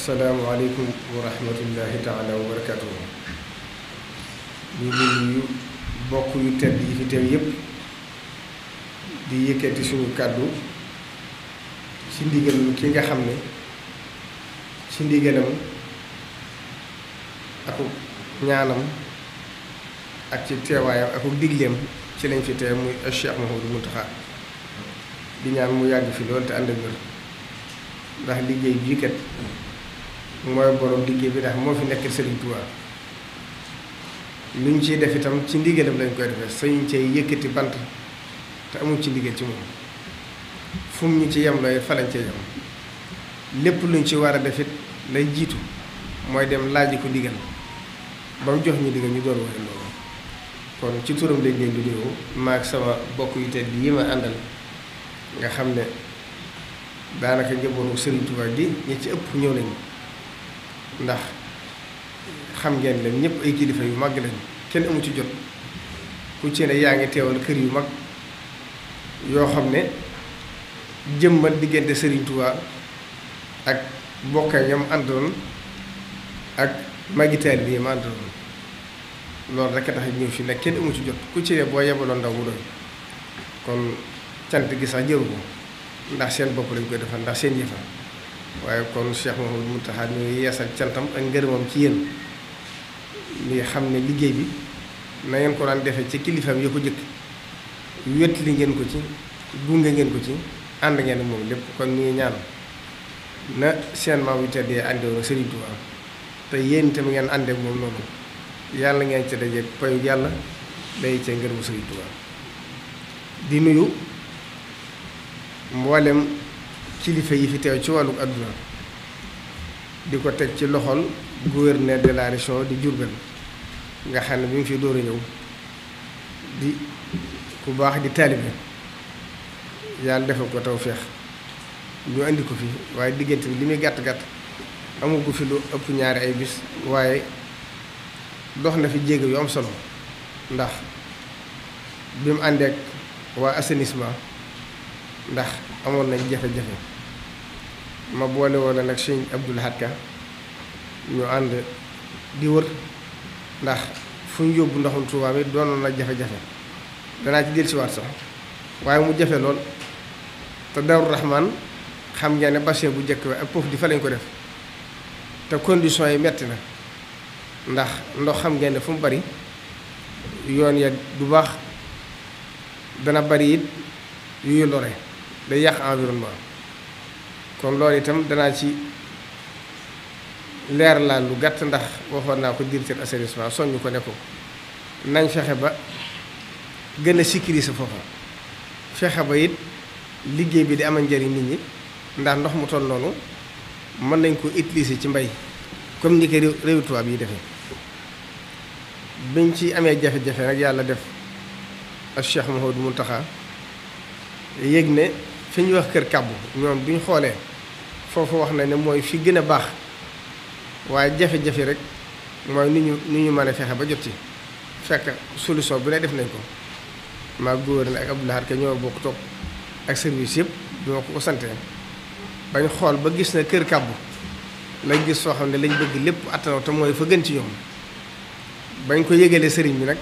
asalaamualeykum wa rahmatullahi taala wa barakatuhu ñu ngi nuyu bokk yu tedd yi fi teew yépp di yëkkati suñu kàddu ci ndigalam ki nga xam ne ci ndigalam aku ñaanam ak ci teewaayam aku digleem ci lañ fi teew muy Cheikh Mouhamadou Mountakha di ñaan mu yàgg fi loolu te ànd ak ndax liggéey bii kat mooy borom liggéey bi ndax moo fi nekk Serigne Touba lu ñu ciy def itam ci ndigalam lañ koy defe sañu cee yëkkati bant te amul ci ndigal ci moom fu ñu ci yem looy falañ lañ cee yem lépp luñ ci war a def it lay jiitu mooy dem laaj ko ndigal ba jox ñu ndigal ñu door wax loolu kon ci turam lañ leen di nuyu ak sama bokk yu tedd yi ma àndal nga xam ne daanaka njabootu Serigne Touba gi ñi ci ëpp ñëw nañu. ndax xam ngeen leen ñëpp ay kilifa yu mag lañ kenn amu ci jot ku ci yaa ngi teewal kër yu mag yoo xam ne jëmbat diggante Serigne Touba ak bokka ñam àndoon ak magitaal bi ma àndoon loolu rek a tax ñëw fii nag kenn amu ci jot ku ci boo yebaloo ndaw mu doy kon cant gi sax jëru ko ndax seen bopp lañ koy defal ndax seen yëfa waaye kon Cheikh Mouhamadou mu ñu ngi yeesal cantam ak ngërëmam ci yéen li xam ne liggéey bi na ngeen ko daan defee ci kilifaam yoo ko jëkk wet li ngeen ko ci gunge ngeen ko ci ànd ngeen moom lépp kon ñu ngi ñaan na seen maam yu teddee àndewoon ak Serigne Touba te yéen itam ngeen àndeek moom noonu yàlla ngeen ca dajeeg payu yàlla day cee ngërëmu Serigne Touba di nuyu mboolem. kilifa yi fi teew ci wàllu adduna di ko teg ci loxol gouverneur de la région di Diourbel nga xam ne bi mu fi door a ñëw di ku baax di taalibe yàlla defal ko tew tawféex ñu indi ko fi waaye diggante bi li muy gàtt gàtt amul ko fi lu ëpp ñaari ay bis waaye dox na fi jéego yu am solo ndax bi mu àndeek waa assainissement ndax amoon nañ jafe-jafe. ma boole woon nag sëñ Abdul Ahad Ka ñu ànd di wër ndax fu ñu yóbbu ndoxum Tuubaa mi doonoon na jafe-jafe danaa ci dellusiwaat sax waaye mu jafe lool te Daaru Rahman xam ngeen ne bassin bu njëkk bi ak poofu di fa lañ ko def te condition yi metti na ndax ndox xam ngeen ne fu mu bari yoon ya du baax dana bari it yuy lore day yàq environnement kon loolu itam danaa ci leer laa lu gàtt ndax waxoon naa ko directeur assainissement soññ ko ne ko nañ fexe ba gën a sécuriser foofa fexe ba it liggéey bi di amal njëriñ nit ñi ndax ndox mu toll noonu mën nañ ko utiliser ci mbay comme ni ko réew tubaab yi defee biñ ci amee jafe-jafe nag yàlla def ak Cheikh mu Mountakha yéeg ne fi ñu wax kër kàbbu ñoom bi ñu xoolee foofu wax na ne mooy fi gën a baax waaye jafe-jafe rek mooy ni ñu ni ñu mën a fexe ba jot ci fekk solution bi ne def nañ ko maa gouverneur ak Abdoulaye Ka ñoo bokk toog ak service yëpp ñoo ko bañ xool ba gis na kër kàbbu lañ gis soo xam ne lañ bëgg lépp attanaw te fa gën ci ñoom bañ ko yëgalee sëriñ bi nag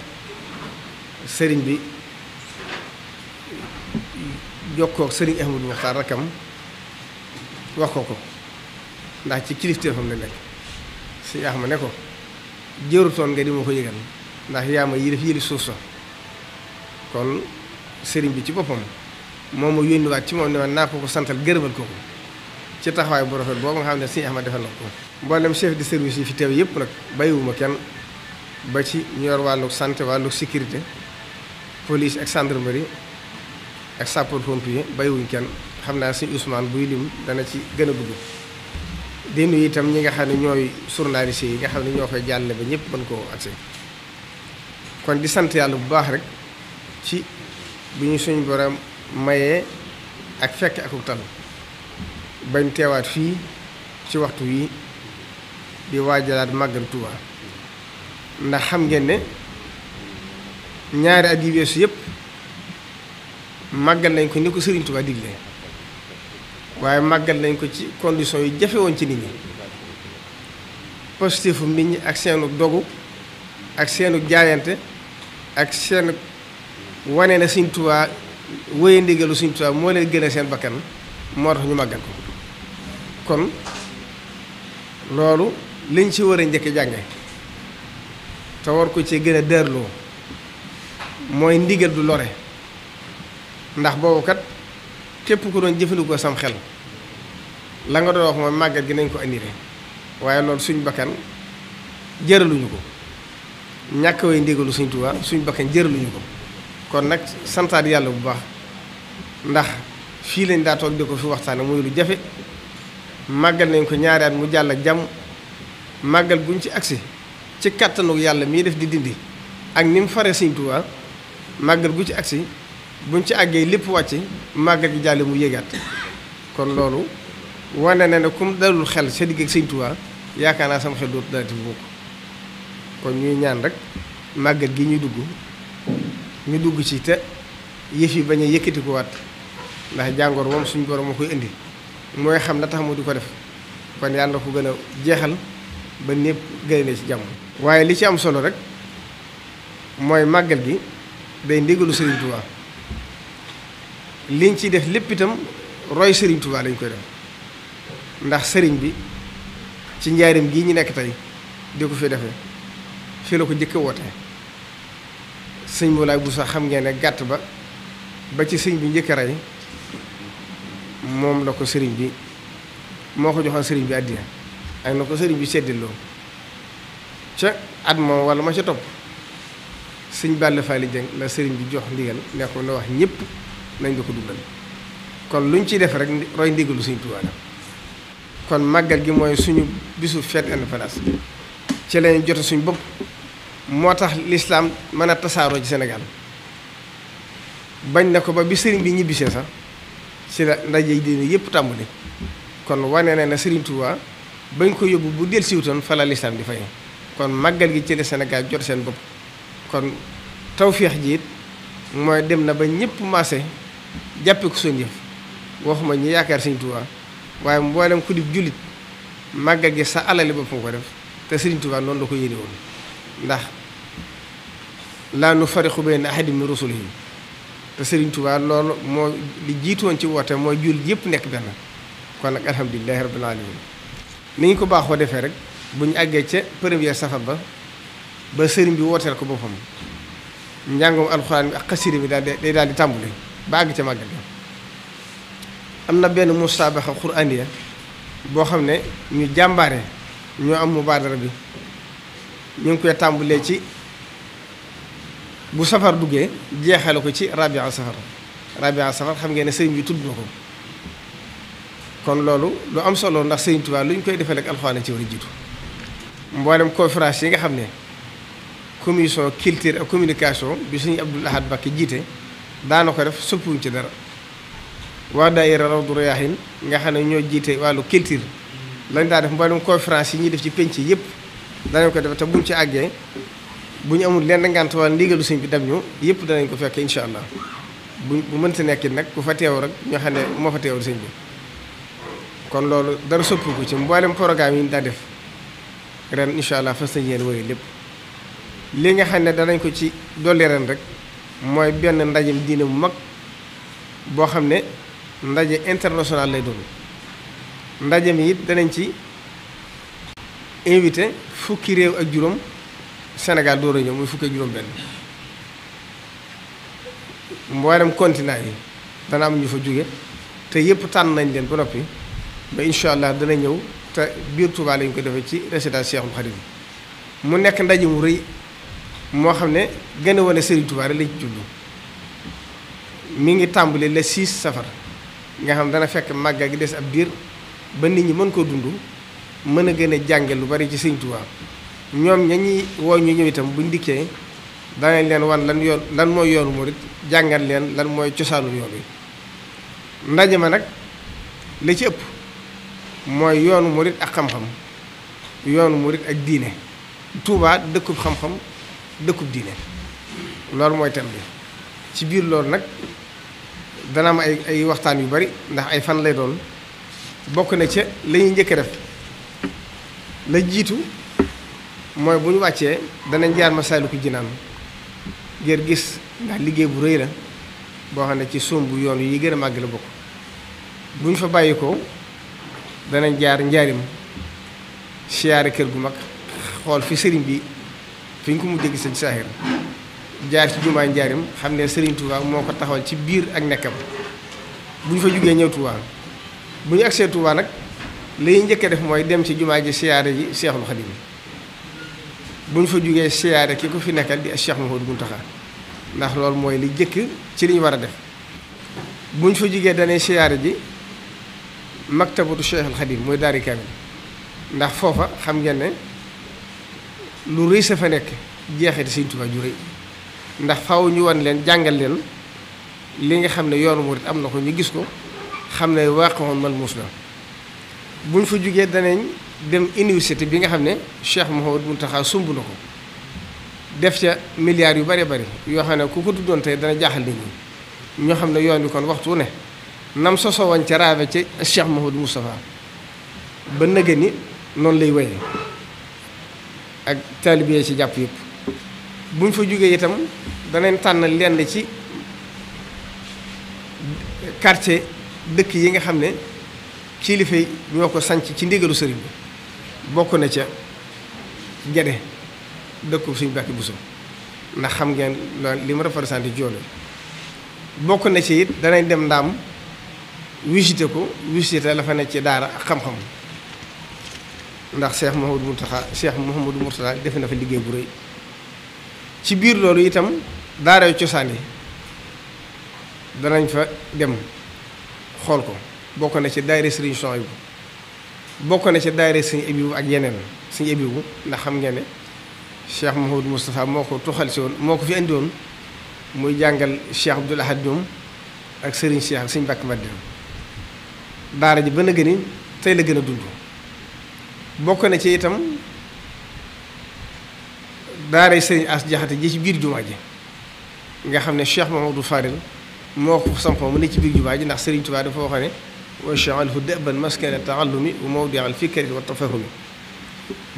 sëriñ bi jokkoo ak sëriñ Ahmadou Mokhtar rakam wax ko ko ndax ci kilifteefam la nekk si yaa ma ne ko jërutoon nga di moo ko yëgal ndax yaa ma yilif yilif suuf sa kon sëriñ bi ci boppam moom ma yónniwaat ci moom ne ma naa ko ko santal gërëmal ko ko ci taxawaay bu rafet boobu nga xam ne sëriñ ma defal na ko mboolem chef de service yi fi teew yëpp nag bàyyiwuma kenn ba ci ñu yor wàllu santé wàllu sécurité police ak gendarmerie ak sapeur pompier bàyyiwuñ kenn xam naa sëñ Ousmane buy lim dana ci gën a dugg di nuyu itam ñi nga xam ne ñooy journaliste yi nga xam ne ñoo koy jàlle ba ñëpp mën koo accès kon di sant yàlla bu baax rek ci bu ñu suñ borom mayee ak fekk akub tal bañ teewaat fii ci waxtu wi di waajalaat màggal Tuuba ndax xam ngeen ne ñaari at yi weesu yëpp màggal nañ ko ni ko Sëriñ Tuuba digle waaye màggat nañ ko ci condition yi jafe woon ci nit ñi positifum nit ñi ak seenu dogu ak seenu jaayante ak seenu wane na Sëñ Tuubaa wéye ndigalu Sëñ Tuubaa moo leen gën a seen bakkan moo tax ñu màggat ko kon loolu liñ ci wara njëkk jànge te war ko ci gën a dërloo mooy ndigal du lore ndax boobu kat képp ku doon jëfandikoo sam xel la nga doon wax mooy màggat gi nañ ko indire waaye loolu suñ bakkan jëraluñu ko ñàkk way ndigalu suñ Tuubaa suñ bakkan jëraluñu ko kon nag santaat yàlla bu baax ndax fii lañ daa toog di ko fi waxtaane muy lu jafe màggal nañ ko ñaari mu jàll jàmm màggal guñ ci agsi ci kàttanu yàlla mii def di dindi ak ni mu fare suñ Tuubaa màggal gu ci agsi buñ ci àggee lépp wàcc màggal gi jàll mu yéegaat kon loolu wane na ne kum dalul xel sa digg ak Sëñ yaakaar naa sama xel dootu dalati bu bokk kon ñuy ñaan rek màggal gi ñu dugg ñu dugg ci te yëf yi bañ a yëkkati ko waat ndax jàngoor moom suñu borom moo koy indi mooy xam na tax mu di ko def kon yàlla na ko gën a jeexal ba ñépp gaynde ne ci jàmm waaye li ci am solo rek mooy màggal gi day ndigalu Sëriñ Tuubaa liñ ciy def lépp itam roy sëriñ Touba lañ koy def ndax sëriñ bi ci njaarim gii ñu nekk tey di ko fi defee fii la ko njëkk woote sëñ bu Boussa xam ngeen ne gàtt ba ba ci sëñ bi njëkk rey moom la ko sëriñ bi moo ko joxoon sëriñ bi àddina ak na ko sëriñ bi seddiloo ca at moom wala ma ca topp sëñ Balla Faali Jeng la sëriñ bi jox ndigal ne ko wax ñëpp. nañ la ko dugal kon luñ ciy def rek roy ndigalu Sëñ Tuubaa la kon màggal gi mooy suñu bisu fête indépendance ci lañ jot suñu bopp moo tax lislaam mën a tasaaroo ci Sénégal bañ na ko ba bi sëriñ bi ñibbisee sax ci la ndaje yi diine yëpp tàmbali kon wane na ne Sëriñ Tuubaa bañ ko yóbbu bu del siwutoon fa la lislaam di fay kon màggal gi ci la Sénégal jot seen bopp kon tawféex ji it mooy dem na ba ñëpp maase jàppee ko suñu jëf waxuma ñu yaakaar Sëriñ waaye mboolem ku di jullit màggal gi sa alali bopp ko def te Sëriñ Tuubaa noonu la ko yéene woon ndax laa nufarriqu bayna ahadin min rusulihi te Sëriñ Tuubaa loolu moo li jiitoon ci woote mooy jullit yëpp nekk benn kon nag alhamdulilahi rabbil alamin ni ñu ko baaxoo defee rek bu ñu àggee ca première safar ba ba sëriñ bi wooteel ko boppam njàngum alxuraan bi ak xasiri bi daal day daal di tàmbali ba àgg ca màggal ga am na benn musaabaxa quraaniya boo xam ne ñu jàmbaare ñoo am mu mubaadara bi ñu ngi koy tàmbalee ci bu safar duggee jeexale ko ci rabia safar rabia safar xam ngeen ne sëriñ bi tudd na ko kon loolu lu am solo ndax sëriñ Tuubaa lu koy defal ak alxuraan ci war jiitu mboolem conférence yi nga xam ne commission culture ak communication bi suñu Abdul Ahad Mbacké jiite daana ko def soppiwuñ ci dara waa daayira Rawdu Rayaahin nga xam ne ñoo jiite wàllu culture lañ daa def mboolem conférence yi ñuy def ci penc yëpp danañ ko def te buñ ci àggee bu ñu amul lenn ngant wala ndigalu sëñ bi dem ñu yëpp danañ ko fekk incha allah bu bu mën mënta nekkit nag ku fa teew rek ñoo xam ne moo fa teewul sëñ bi kon loolu dara soppi ko ci mboolem programme yi ñu daa def ren incha allah fa yéene wéyal lépp li nga xam ne danañ ko ci dolli ren rek. mooy benn ndaje diine mu mag boo xam ne ndaje international lay doon ndaje mi it danañ ci invité fukki réew ak juróom Sénégal door a ñëw muy fukki juróom benn mboolem continent yi dana am ñu fa jóge te yëpp tànn nañ leen ba noppi ba incha allah dana ñëw te biir Touba lañ ko defee ci résidence Cheikhoul Khadim mu nekk ndaje mu rëy moo xam ne gën a wane Serigne Touba rek la ci jublu mi ngi tàmbali le 6 safar nga xam dana fekk màggal gi des ab diir ba nit ñi mën koo dund mën a gën a jànge lu bari ci Serigne Touba ñoom ña ñuy woo ñu ñëw itam buñ dikkee danañ leen wan lan yoon lan mooy yoonu murit jàngal leen lan mooy cosaanu yoon wi ndaje ma nag li ci ëpp mooy yoonu murit ak xam-xam yoonu murit ak diine Touba dëkku xam-xam. dëkkub diine loolu mooy thème bi ci biir loolu nag dana am ay waxtaan yu bari ndax ay fan lay doon bokk na ca lañuy ñuy njëkk def la jiitu mooy bu ñu wàccee danañ jaar Masaalikul Jinaan ngir gis ndax liggéey bu rëy la boo xam ne ci sumb yoon yi gën a màgg la bokk bu ñu fa bàyyi ko danañ jaar njaarim siyaare kër gu mag xool fi sëriñ bi fi ñu ko mu gis ci saaxir jaar ci jumaa njaarim xam ne Serigne Touba moo ko taxawal ci biir ak nekkam bu ñu fa jógee ñëw Touba bu ñu agsee Touba nag li ñu njëkkee def mooy dem ci jumaa ji siyaare ji Seexul Xadim bu ñu fa jógee siyaare ki ko fi nekkal di Cheikh Mouhamadou Mountakha ndax loolu mooy li jëkk ci liñ war a def bu ñu fa jógee danay siyaare ji maktabatu Cheikhul Xadim mooy daari kaamil ndax foofa xam ngeen ne lu rëy sa fa nekk jeexati sëñ Tuubaa ju rëy ndax faw ñu won leen jàngal leen li nga xam ne yoonu murit am na ko ñu gis ko xam ne waaqoon mal muus la buñ fa jógee danañ dem université bi nga xam ne Cheikh Mouhamadou Mountakha sumb na ko def ca milliards yu bare bari yoo xam ne ku ko tuddoon tey dana jaaxal nit ñoo xam ne yoon wi kon waxtu ne nam soso woon ca raabe ca Cheikh Mouhamadou Moustapha ba nëgë ni noonu lay wéyee ak taalibe yi ci jàpp yëpp buñ fa jógee itam danañ tànn lenn ci quartier dëkk yi nga xam ne kilifa yi ñoo ko sanc ci ndigalu sëriñ bi bokk na ca Gede dëkku suñu bàkki buso ndax xam ngeen li ma représenté joole bokk na ci it danañ dem ndaam wisite ko wisite la fa nekk ci daara ak xam-xam ndax Cheikh Mouhamadou Mourtada Cheikh Mouhamadou Mourtada def na fa liggéey bu rëy ci biir loolu itam daaray cosaan yi danañ fa dem xool ko bokk na ci daayira Serigne Souhaïbou bokk na ci daayira Serigne Abibu ak yeneen Serigne Abibu ndax xam ngeen ne Cheikh Mouhamadou Moustapha moo ko tuxal si woon moo ko fi indi woon muy jàngal Cheikh Abdoul Ahad ñoom ak Serigne Cheikh ak Serigne Bakk Madina daara ji ba na gën tey la gën a dund bokk na ci itam daaray sëriñ as jaxate ji ci biir jumaa ji nga xam ne Cheikh Mamadou Fadil moo ko sampoo mu ne ci biir jumaa ji ndax sëriñ Tuubaa dafa wax ne waj'alhu da'ban maskana ta'allumi wa mawdi'al fikri wa tafahumi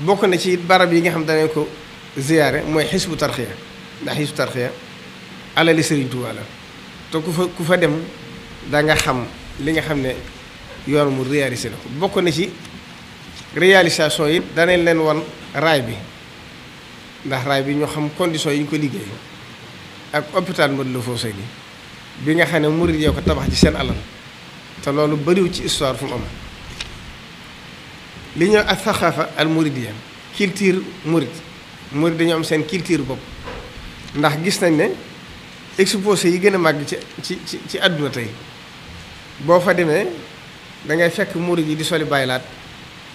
bokk na ci barab yi nga xam danañ ko ziyaare mooy xisbu tarxiya ndax xisbu tarxiya alali sëriñ Tuubaa la te ku fa ku fa dem da nga xam li nga xam ne yoon mu réalisé na ko bokk na ci réalisation yi danañ leen wan raay bi ndax raay bi ñu xam condition yi ñu ko liggéey ak hôpital Matlaboul Fawzayni bi nga xam ne murid yow ko tabax ci seen alal te loolu bariwul ci histoire fu mu am li ñëw ak saxaafa al muridiyya culture murid murid dañoo am seen culture bopp ndax gis nañ ne exposé yi gën a màgg ci ci ci ci àdduna tey boo fa demee da fekk murid yi di soli bàyyilaat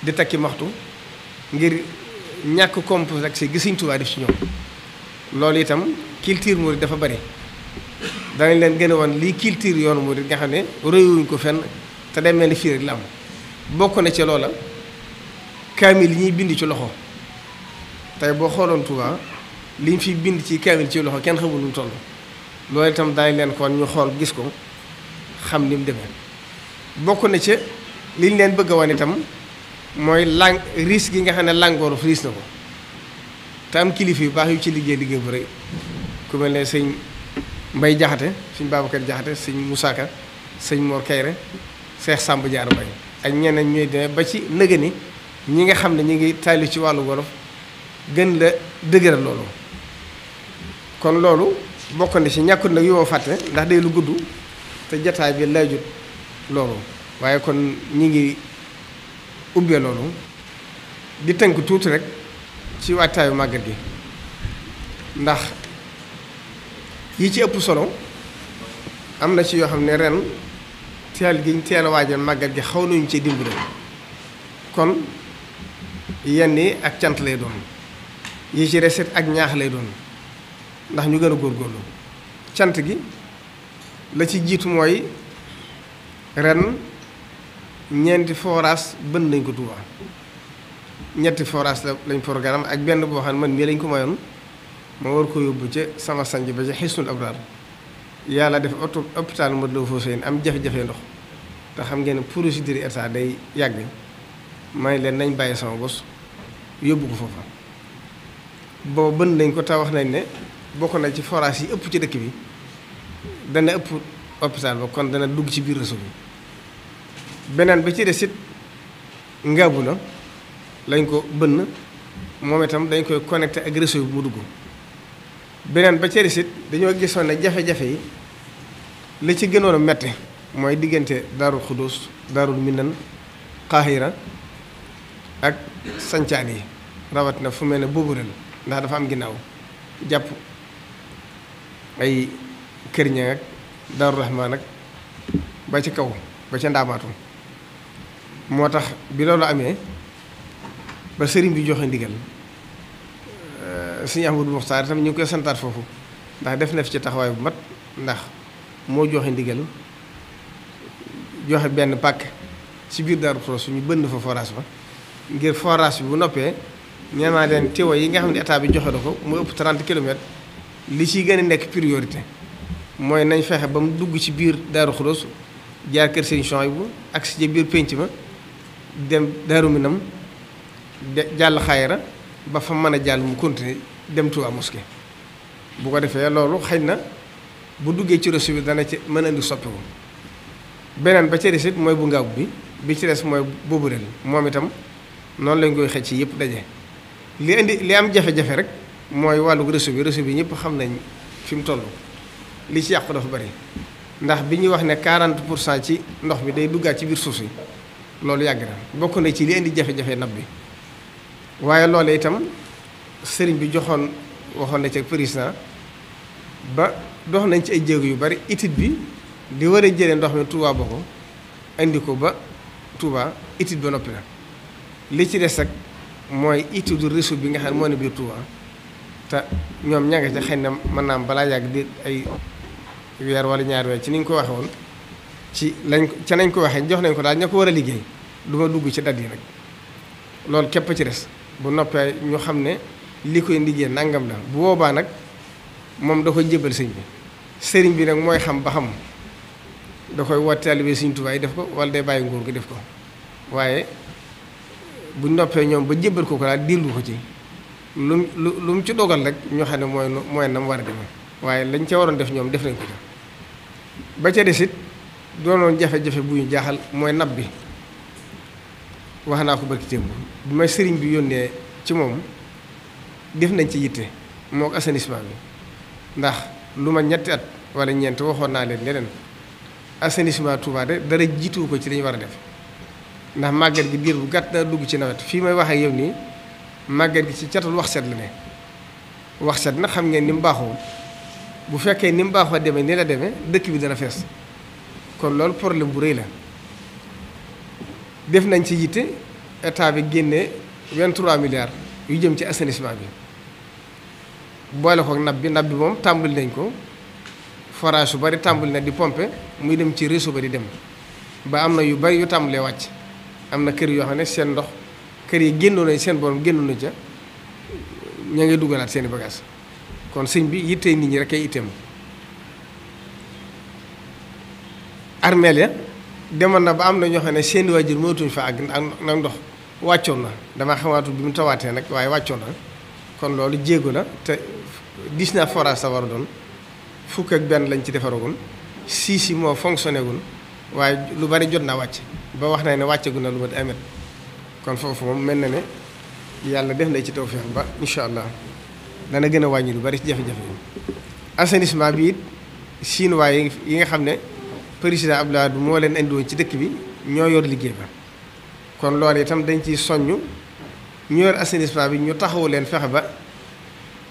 di takki maxtu ngir ñàkk complexe gi Sëriñ Tuubaa def ci ñoom loolu itam culture murid dafa bari danañ leen gën a wan lii culture yoonu murid nga xam ne réewuñ ko fenn te day mel ni fii la am bokk na ci loola kaamil yi ñuy bind ci loxo tey boo xooloon Tuubaa liñ fi bind ci kaamil ci loxo kenn xamul lu mu toll loolu itam daañu leen kon ñu xool gis ko xam ni mu demee bokk na ca liñ leen bëgg a wan itam mooy lang riis gi nga xam ne làngooru riis na ko te am kilifa yu baax yu ci liggéey liggéey bu rëy ku mel sëñ Mbay Jaxate sëñ Babacar Jaxate sëñ Moussa sëñ Mor Kayre Seex Sàmb Jaara Mbay ak ñeneen ñooy demee ba ci nëgë ñi nga xam ne ñu ngi taalu ci wàllu wolof gën la dëgëral loolu kon loolu bokk na ci ñàkkut nag yoo fàtte ndax day lu gudd te jataay bi lay jot loolu waaye kon ñi ngi ubbee loolu di tënk tuuti rek ci waajtaayu màggal gi ndax yi ci ëpp solo am na ci yoo xam ne ren teel giñ teel a waajal gi xaw nañu ci dimbali kon yenn ak cant lay doon yi ci reset ak ñaax lay doon ndax ñu gën a góorgóorlu cant gi la ci jiitu mooy ren ñeenti forage bën nañ ko Touba ñetti forage la lañ programme ak benn boo xam ne man mii lañ ko mayoon ma war ko yóbbu ca sama sanj ba ca xisnul abraar yàlla def oto hôpital Matlaboul Fawzayni am jafe ndox te xam ngeen ne procédure état day yàgg may leen nañ bàyyi sama bos yóbbu ko foofa nañ ko te wax nañ ne bokk nañ ci forage yi ëpp ci dëkk bi dana ëpp hôpital ba kon dana dugg ci biir réseau beneen ba ci des it ngaabu la lañ ko bënn moom itam dañ koy connecté ak réseau bu mu dugg beneen ba ci des dañoo gisoon ne jafe-jafe yi li ci gënoon a metti mooy diggante daarul xudus daarul minan xaaxira ak sancaan yi rawat na fu mel ne boobureel ndax dafa am ginnaaw jàpp ay kërña ak daaru rahmaan ak ba ci kaw ba ca ndaamaatu moo tax bi loolu amee ba sëriñ bi joxe ndigal sëriñ Ahmadou Mokhtar itam ñu ngi koy santaat foofu ndax def na fi ci taxawaay bu mat ndax moo joxe ndigal joxe benn pàkk ci biir Darou Khoudoss ñu bënn fa forage ba ngir forage bi bu noppee nee naa leen teew yi nga xam ne état bi joxe da ko mu ëpp 30 kilomètres li ciy gën a nekk priorité mooy nañ fexe ba mu dugg ci biir Darou Khoudoss jaar kër Serigne bu ak si biir penc ma dem Daaru Minam de jàll xayra ba fa mën a jàll mu continuer dem Touba mosquée bu ko defee loolu xëy na bu duggee ci réseau bi dana ci mën a indi soppiku beneen ba ci des mooy bu ngaaw bi bi ci des mooy boobu ren moom itam noonu lañ koy xëcc yëpp daje li indi li am jafe-jafe rek mooy wàllu réseau bi réseau bi ñëpp xam nañ fi mu toll li ci yàqu dafa bari ndax bi ñuy wax ne 40 pour cent ci ndox mi day duggaat ci biir suuf yi loolu yàgg na bokk nañ ci li indi jafe-jafe nab bi waaye loolu itam sëriñ bi joxoon waxoon na ci ak président ba dox nañ ci ay jéeg yu bari étude bi di war a jëlee ndox mi Touba bokk indi ko ba Touba étude ba noppi na li ci des ak mooy étude réseau bi nga xam ne moo ne biir Touba te ñoom ña nga ca xëy na mën naa am balaa yàgg di ay weer wala ñaar weer ci ni ñu ko waxee ci lañ ca nañ ko waxee jox nañ ko daal ña ko war a liggéey. du ma dugg ci dat yi nag loolu képp ci des bu noppee ñu xam ne li koy liggéey nangam la bu boobaa nag moom da koy jébal sëñ bi sëriñ bi nag mooy xam ba xam da koy wat taalibe sëñ Tuubaa yi def ko wala day bàyyi nguur gi def ko waaye bu noppee ñoom ba jébal ko ko daal diirlu ko ci lu lu lu mu ci dogal rek ñu xam ne mooy mooy na war a demee waaye lañ ca waroon def ñoom def nañ ko ca ba ca des it doonoon jafe-jafe bu ñu jaaxal mooy nab bi. wax naa ko barki bu may sëriñ bi yónnee ci moom def nañ ci yitte moo ko assainissement bi ndax lu ma ñetti at wala ñeent waxoon naa leen leneen assainissement Touba de dara jiitu ko ci li war a def ndax màgget gi diir bu gàtt daa dugg ci nawet fii may waxee ak yow nii màgget gi ci catul wax set la ne wax set na xam ngeen ni mu baaxoo bu fekkee ni mu baaxoo demee ni la demee dëkk bi dana fees kon loolu problème bu rëy la def nañ ci yitte état bi génne 23 milliards yu jëm ci assainissement bi boole ko nab bi nab bi moom tàmbali nañ ko forage su bari tàmbali na di pompe muy dem ci réseau ba di dem ba am na yu bari yu tàmbalee wàcc am na kër yoo xam ne seen ndox kër yi génnoo nañ seen borom génnoon na ca ña ngay dugalaat seeni bagage kon sëñ bi yittee nit ñi rekk ay itteem armeel ya demal na ba am na ñoo xam ne seeni waajur mënatuñ fa àgg nag ndox wàccoon na dama xamaatu bi mu tawaatee nag waaye wàccoon na kon loolu jéego na te gis naa forage sa war a doon fukk ak benn lañ ci defaragul sii si moo fonctionné gul waaye lu bari jot naa wàcc ba wax na ne wàccagul na lu mat kon foofu moom mel na ne yàlla def na ci tawfeex ba incha allah dana gën a wàññi lu bari ci jafe-jafe yi assainissement bi it chinois yi nga xam ne. président Abdoulaye Wade moo leen indi woon ci dëkk bi ñoo yor liggéey ba kon loolu itam dañ ci soññ ñu yor assainissement bi ñu taxawu leen fexe ba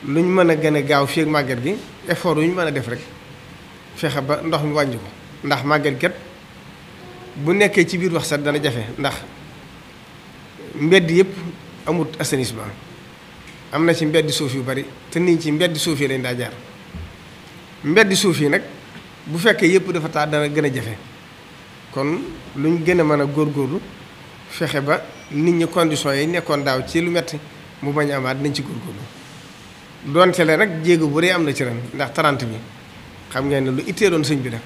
luñ mën a gën a gaaw fii ak màgget gi effort yu ñu mën a def rek fexe ba ndox mu wàññi ndax màgget kat bu nekkee ci biir wax sax dana jafe ndax mbedd yëpp amut assainissement am na ci mbedd suuf yu bari te nit ñi ci mbedd suuf yi lañ daa jaar mbedd suuf yi nag. bu fekkee yëpp dafa taa dana gën a jafe kon luñ gën a mën a góor góorlu fexe ba nit ñi conditions yi nekkoon daaw ci lu metti mu bañ a amaat nañ ci góorgóorlu doon le rek jéego bu rëy am na ci ren ndax tarant bi xam nga ne lu ittee doon sëñ bi def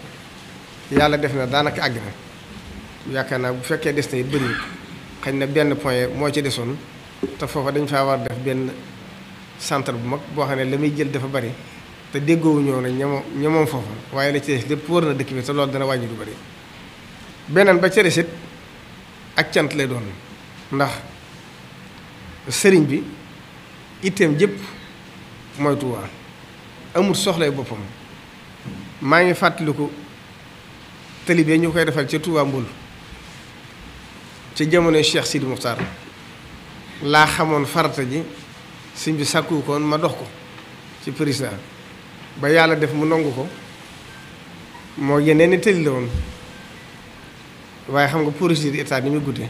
yàlla def na daanaka àgg na yaakaar naa bu fekkee des na it bëri xañ na benn point moo ci desoon te foofa dañ faa war def benn centre bu mag boo xam ne la muy jël dafa bari te déggoowu ñëw na ñamoo ñamoom foofu waaye la ci des lépp wër na dëkk bi te loolu dana wàññi du bëri beneen ba ca des ak cant lay doon ndax sëriñ bi itteem jëpp mooy Tuubaa amul soxlay boppam maa ngi fàttaliku talibee ñu koy defal ci Tuubaa Mbul ci jamonoy Cheikh Sidi Muxtaar laa xamoon farata ji sëñ bi sàkku ma dox ko ci président ba yàlla def mu nangu ko moo yeneen ni tëli la woon waaye xam nga procédure état ni muy guddee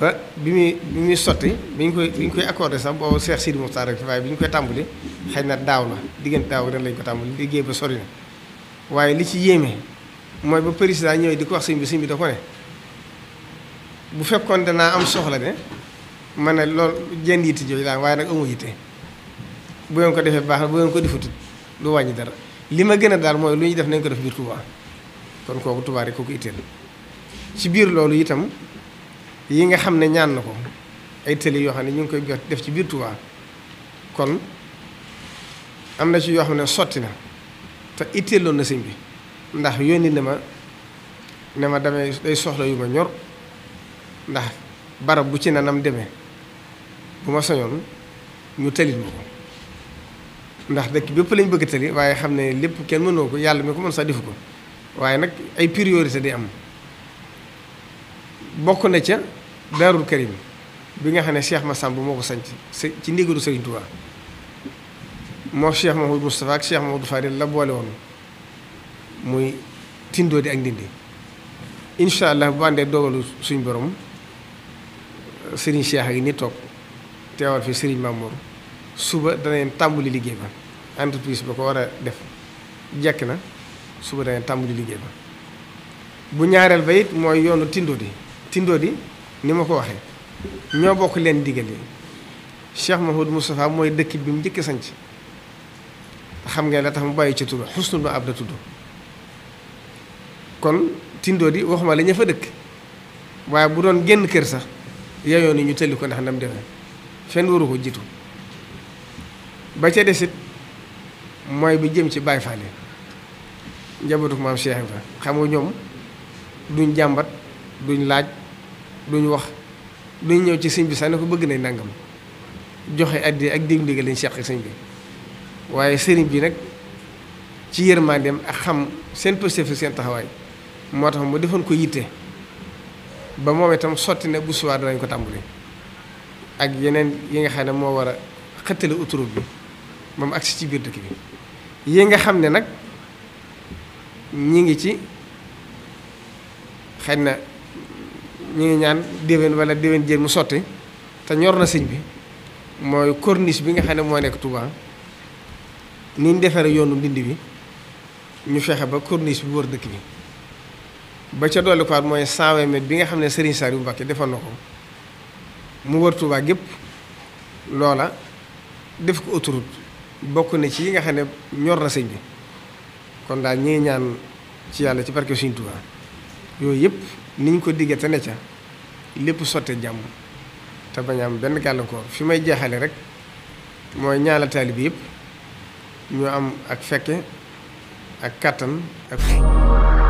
ba bi muy bi muy sotti bi ñu koy bi ñu koy accordé sax boobu Cheikh Sidi Moustapha rek waaye bi ñu koy tàmbali xëy na daaw la diggante daaw ren lañ ko tàmbali liggéey ba sori waaye li ci yéeme mooy ba président ñëwee di ko wax sëñ bi da ko ne bu fekkoon danaa am soxla ne ma ne loolu jënd yitte jooju laa waaye nag amu yitte bu ngeen ko defee baax bu ngeen ko defatut lu wàññi dara li ma gën a daal mooy lu ñuy def nañ ko def biir Touba kon kooku Touba rek kooku itteel ci biir loolu itam yi nga xam ne ñaan na ko ay tëli yoo xam ne ñu ngi koy def ci biir Touba kon am na ci yoo xam ne sotti na te itteeloon na sëñ bi ndax yónni na ma ne ma demee day soxla yu ma ñor ndax barab bu ci nanam demee bu ma soñoon ñu tëlil ma ko ndax dëkk bépp lañ bëgg tali waaye xam ne lépp kenn mënoo ko yàlla mi ko mën sax defu ko waaye nag ay priorité day am bokk na ca Daarul Karim bi nga xam ne Cheikh Massamba moo ko sanc ci ndigalu Serigne Touba moo Cheikh Mahamadou Moustapha ak Cheikh Mahamadou Fadil la boole woon muy tindoo di ak ndindi incha allah bu àndee dogalu suñ borom Serigne Cheikh a ngi ni toog teewal fi Serigne Mamour suba danañ tàmbali liggéey ba entreprise ba ko war a def jekk na suba danañ tàmbuli liggéey ba bu ñaareel ba it mooy yoonu tindo di tindo di ni ma ko waxee ñoo bokk leen diggante Cheikh Mahoud Moustapha mooy dëkk bi mu njëkk sañc sanc xam ngeen la tax mu bàyyi ci tuba xusnu ma ab da tudd kon tindo di waxuma lañu fa dëkk waaye bu doon génn kër sax yayoon yi ñu tëlli ko ndax ndam demee fenn waru ko jiitu ba ca desit mooy bi jëm ci Baye Fall yi njabootu maam Cheikh Ibra ñoom duñ jàmbat duñ laaj duñ wax duñ ñëw ci sëñ bi sax ne ko bëgg nañ nangam joxe addi ak dégg lañ seq sëñ bi waaye sëriñ bi nag ci yërmandeem ak xam seen pëstéef seen taxawaay moo tax mu defoon ko yitte ba moom itam sotti ne bu suwaar ko tàmbali ak yeneen yi nga xam ne moo war a xëttale autoroute bi. moom mu agsi ci biir dëkk bi yi nga xam ne nag ñi ngi ci xëy na ñi ngi ñaan déwén wala déwén jéen mu sotti te ñor na sëñ bi mooy corniche bi nga xam ne moo nekk Touba ni defaree yoonu ndindi bi ñu fexe ba corniche bu wër dëkk bi ba ca dolli ko mooy 120 bi nga xam ne Serigne Saliou Mbacké defal na ko mu wër Touba gépp loola def ko autoroute bokk na ci yi nga xam ne ñor na sëñ bi kon daal ñi ñaan ci yàlla ci barke Sëñ Tuubaa yooyu yëpp niñ ko diggee te ne ca lépp sotte jàmm te bañ am benn gàllankoor fi may jeexale rek mooy ñaala taalibe yëpp ñu am ak fekke ak kàttan ak